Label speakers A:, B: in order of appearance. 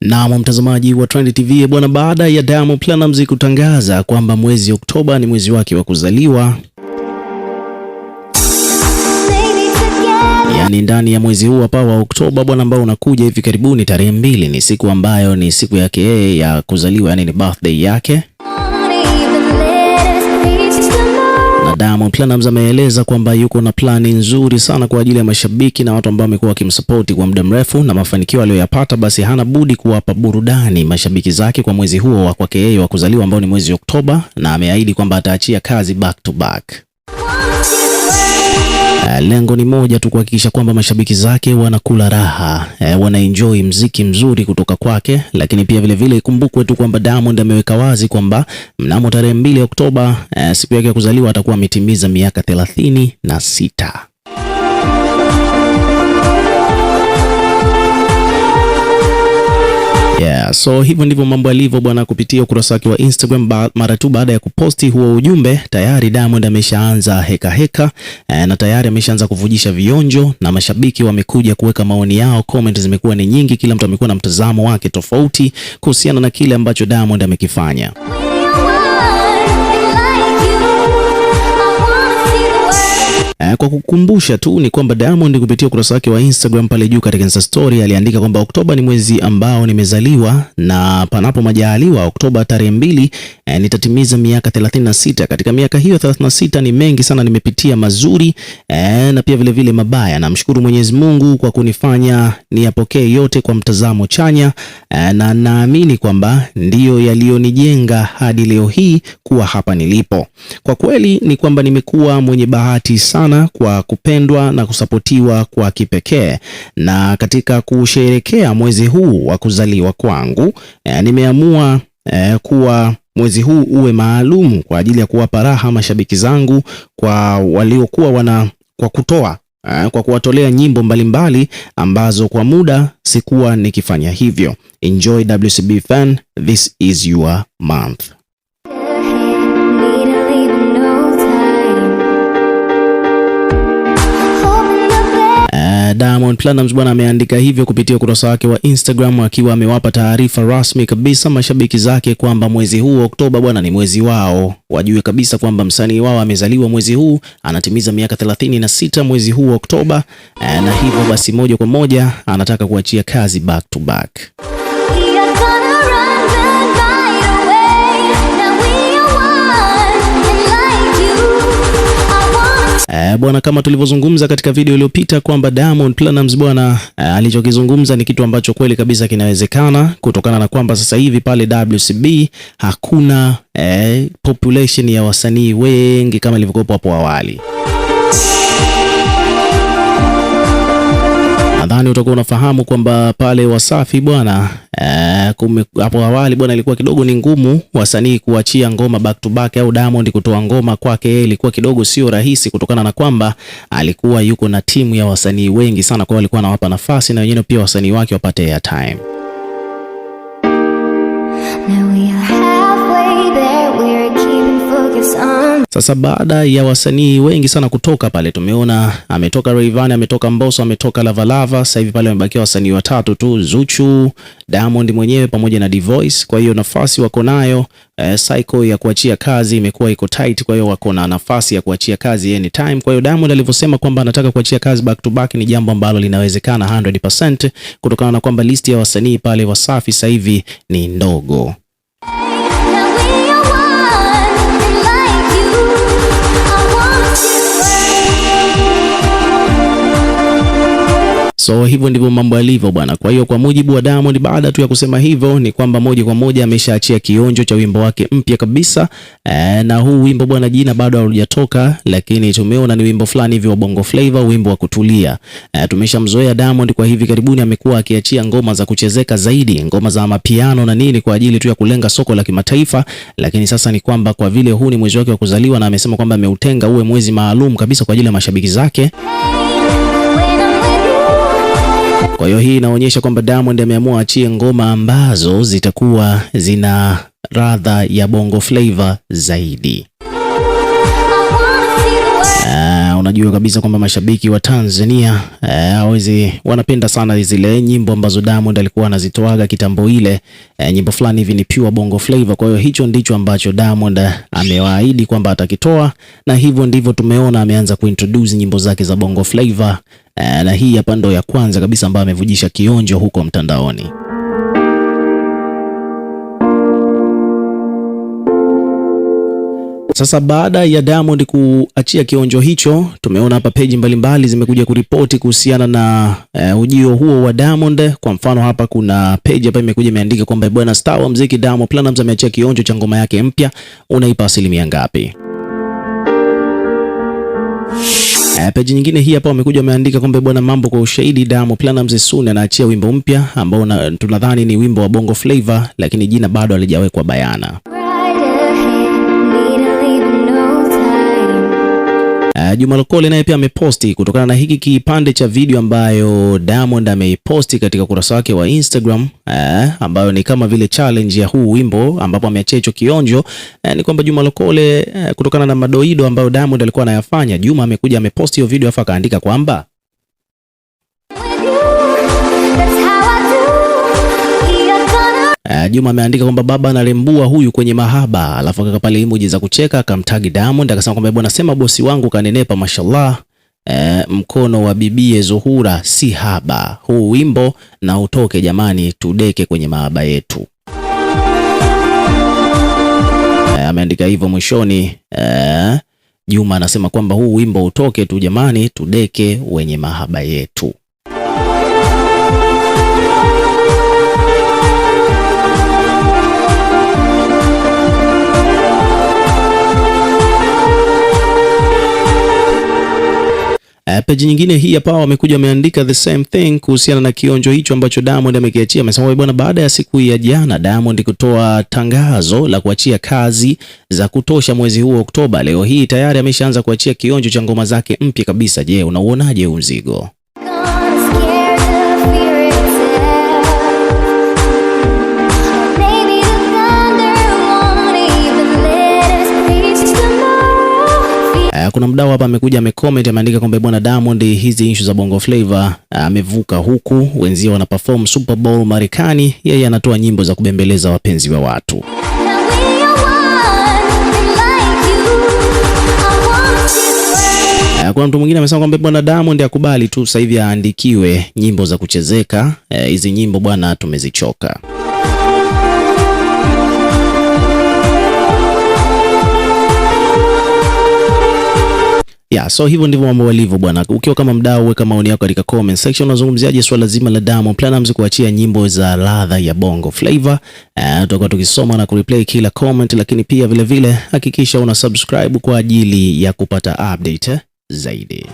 A: Naam, mtazamaji wa Trend TV bwana, baada ya Diamond Platnumz kutangaza kwamba mwezi Oktoba ni mwezi wake wa kuzaliwa, yaani ndani ya mwezi huu hapa wa Oktoba bwana, ambao unakuja hivi karibuni, tarehe mbili ni siku ambayo ni siku yake yeye ya kuzaliwa, yani ni birthday yake. Diamond Platnumz ameeleza kwamba yuko na plani nzuri sana kwa ajili ya mashabiki na watu ambao wamekuwa wakimsapoti kwa muda mrefu, na mafanikio aliyoyapata, basi hana budi kuwapa burudani mashabiki zake kwa mwezi huo wa kwake yeye wa kuzaliwa ambao ni mwezi Oktoba, na ameahidi kwamba ataachia kazi back to back. Eh, lengo ni moja tu, kuhakikisha kwamba mashabiki zake wanakula raha, eh, wanaenjoy mziki mzuri kutoka kwake. Lakini pia vilevile ikumbukwe tu kwamba Diamond ameweka wazi kwamba mnamo tarehe mbili Oktoba, eh, siku yake ya kuzaliwa, atakuwa ametimiza miaka thelathini na sita. haya. So hivyo ndivyo mambo yalivyo bwana, kupitia ukurasa wake wa Instagram. Mara tu baada ya kuposti huo ujumbe, tayari Diamond ameshaanza heka heka e, na tayari ameshaanza kuvujisha vionjo na mashabiki wamekuja kuweka maoni yao. Comment zimekuwa ni nyingi, kila mtu amekuwa na mtazamo wake tofauti kuhusiana na kile ambacho Diamond amekifanya. Eh, kwa kukumbusha tu ni kwamba Diamond kupitia ukurasa wake wa Instagram pale juu katika Insta story aliandika kwamba Oktoba ni mwezi ambao nimezaliwa na panapo majaliwa, Oktoba tarehe mbili eh, nitatimiza miaka 36. Katika miaka hiyo 36 ni mengi sana nimepitia mazuri eh, na pia vile vile mabaya. Namshukuru Mwenyezi Mungu kwa kunifanya niyapokee yote kwa mtazamo chanya eh, na naamini kwamba ndiyo yaliyonijenga hadi leo hii kuwa hapa nilipo. Kwa kweli ni kwamba nimekuwa mwenye bahati sana sana kwa kupendwa na kusapotiwa kwa kipekee. Na katika kusherekea mwezi huu wa kuzaliwa kwangu eh, nimeamua eh, kuwa mwezi huu uwe maalumu kwa ajili ya kuwapa raha mashabiki zangu kwa waliokuwa wana kwa kutoa eh, kwa kuwatolea nyimbo mbalimbali mbali ambazo kwa muda sikuwa nikifanya hivyo. Enjoy WCB fan, this is your month. Diamond Platnumz bwana ameandika hivyo kupitia ukurasa wake wa Instagram akiwa amewapa taarifa rasmi kabisa mashabiki zake kwamba mwezi huu wa Oktoba bwana ni mwezi wao, wajue kabisa kwamba msanii wao amezaliwa mwezi huu, anatimiza miaka 36 mwezi huu wa Oktoba, eh, na hivyo basi moja kwa moja anataka kuachia kazi back to back. Eh, bwana kama tulivyozungumza katika video iliyopita kwamba Diamond Platinumz bwana eh, alichokizungumza ni kitu ambacho kweli kabisa kinawezekana kutokana na kwamba sasa hivi pale WCB hakuna e, population ya wasanii wengi kama ilivyokuwa hapo awali. nadhani utakuwa unafahamu kwamba pale Wasafi bwana eh, hapo e, awali bwana, ilikuwa kidogo ni ngumu wasanii kuachia ngoma back to back au Diamond kutoa ngoma kwake yeye, eh, ilikuwa kidogo sio rahisi, kutokana na kwamba alikuwa yuko na timu ya wasanii wengi sana, kwa alikuwa anawapa nafasi na wengine pia wasanii wake wapate airtime. Sasa baada ya wasanii wengi sana kutoka pale, tumeona ametoka Rayvanny, ametoka Mbosso, ametoka Lavalava. Sasa hivi pale wamebakia wasanii watatu tu, Zuchu, Diamond mwenyewe pamoja na Dvoice. Kwa hiyo nafasi wako nayo eh, cycle ya kuachia kazi imekuwa iko tight, kwa hiyo wako na nafasi ya kuachia kazi anytime. Kwa hiyo Diamond alivyosema kwamba anataka kuachia kazi back to back ni jambo ambalo linawezekana 100% kutokana na kwamba listi ya wasanii pale Wasafi sasa hivi ni ndogo. So hivyo ndivyo mambo yalivyo bwana. Kwa hiyo kwa mujibu wa Diamond, baada tu ya kusema hivyo ni kwamba moja kwa moja ameshaachia kionjo cha wimbo wake mpya kabisa e, na huu wimbo bwana, jina bado halijatoka, lakini tumeona ni wimbo fulani hivi wa Bongo Flava, wimbo wa kutulia. E, tumeshamzoea Diamond kwa hivi karibuni amekuwa akiachia ngoma za kuchezeka zaidi, ngoma za mapiano na nini kwa ajili tu ya kulenga soko la kimataifa, lakini sasa ni kwamba kwa vile huu ni mwezi wake wa kuzaliwa na amesema kwamba ameutenga uwe mwezi maalum kabisa kwa ajili ya mashabiki zake kwa hiyo hii inaonyesha kwamba Diamond ameamua achie ngoma ambazo zitakuwa zina radha ya bongo flava zaidi. Uh, unajua kabisa kwamba mashabiki wa Tanzania eh, hawezi uh, wanapenda sana zile nyimbo ambazo Diamond alikuwa anazitoaga kitambo ile, uh, nyimbo fulani hivi ni pure bongo flavor. Kwa hiyo hicho ndicho ambacho Diamond amewaahidi kwamba atakitoa, na hivyo ndivyo tumeona ameanza kuintroduce nyimbo zake za bongo flavor, uh, na hii hapa ndo ya kwanza kabisa ambayo amevujisha kionjo huko mtandaoni. Sasa baada ya Diamond kuachia kionjo hicho, tumeona hapa peji mbalimbali zimekuja kuripoti kuhusiana na uh, ujio huo wa Diamond. Kwa mfano hapa kuna peji hapa imekuja imeandika kwamba eh, bwana star wa muziki Diamond Platnumz ameachia kionjo cha ngoma yake mpya, unaipa asilimia ngapi? Eh, peji nyingine hii hapa wamekuja wameandika kwamba bwana, mambo kwa ushahidi, Diamond Platnumz soon anaachia wimbo mpya ambao tunadhani ni wimbo wa Bongo Flava, lakini jina bado halijawekwa bayana. Juma Lokole naye pia ameposti kutokana na hiki kipande cha video ambayo Diamond ameiposti katika ukurasa wake wa Instagram eh, ambayo ni kama vile challenge ya huu wimbo ambapo ameachia hicho kionjo eh, ni kwamba Juma Lokole eh, kutokana na madoido ambayo Diamond alikuwa anayafanya, Juma amekuja ameposti hiyo video afa akaandika kwamba Uh, Juma ameandika kwamba baba analembua huyu kwenye mahaba, alafu akaka pale emoji za kucheka, akamtagi Diamond akasema kwamba bwana, sema bosi wangu kanenepa, mashallah. Uh, mkono wa bibie Zuhura si haba, huu wimbo na utoke jamani, tudeke kwenye mahaba yetu. Uh, ameandika hivyo mwishoni. Uh, Juma anasema kwamba huu wimbo utoke tu jamani, tudeke wenye mahaba yetu. Eh, Page nyingine hii hapa wamekuja wameandika the same thing kuhusiana na kionjo hicho ambacho Diamond amekiachia. Amesema bwana, baada ya siku ya jana Diamond kutoa tangazo la kuachia kazi za kutosha mwezi huu Oktoba, leo hii tayari ameshaanza kuachia kionjo cha ngoma zake mpya kabisa. Je, unauonaje huu mzigo? Kuna mdau hapa amekuja amecomment ameandika kwamba bwana Diamond, hizi issue za Bongo Flava ah, amevuka huku, wenzio wana perform Super Bowl Marekani, yeye anatoa nyimbo za kubembeleza wapenzi wa watu. Ah, kuna mtu mwingine amesema kwamba bwana Diamond akubali tu sasa hivi aandikiwe nyimbo za kuchezeka eh, hizi. E, nyimbo bwana tumezichoka. Yeah, so hivyo ndivyo mambo walivyo bwana. Ukiwa kama mdau, weka maoni yako katika comment section. Unazungumziaje swala zima la Diamond Platnumz kuachia nyimbo za ladha ya Bongo Flava? Uh, eh, tutakuwa tukisoma na kureplay kila comment, lakini pia vilevile hakikisha una subscribe kwa ajili ya kupata update zaidi.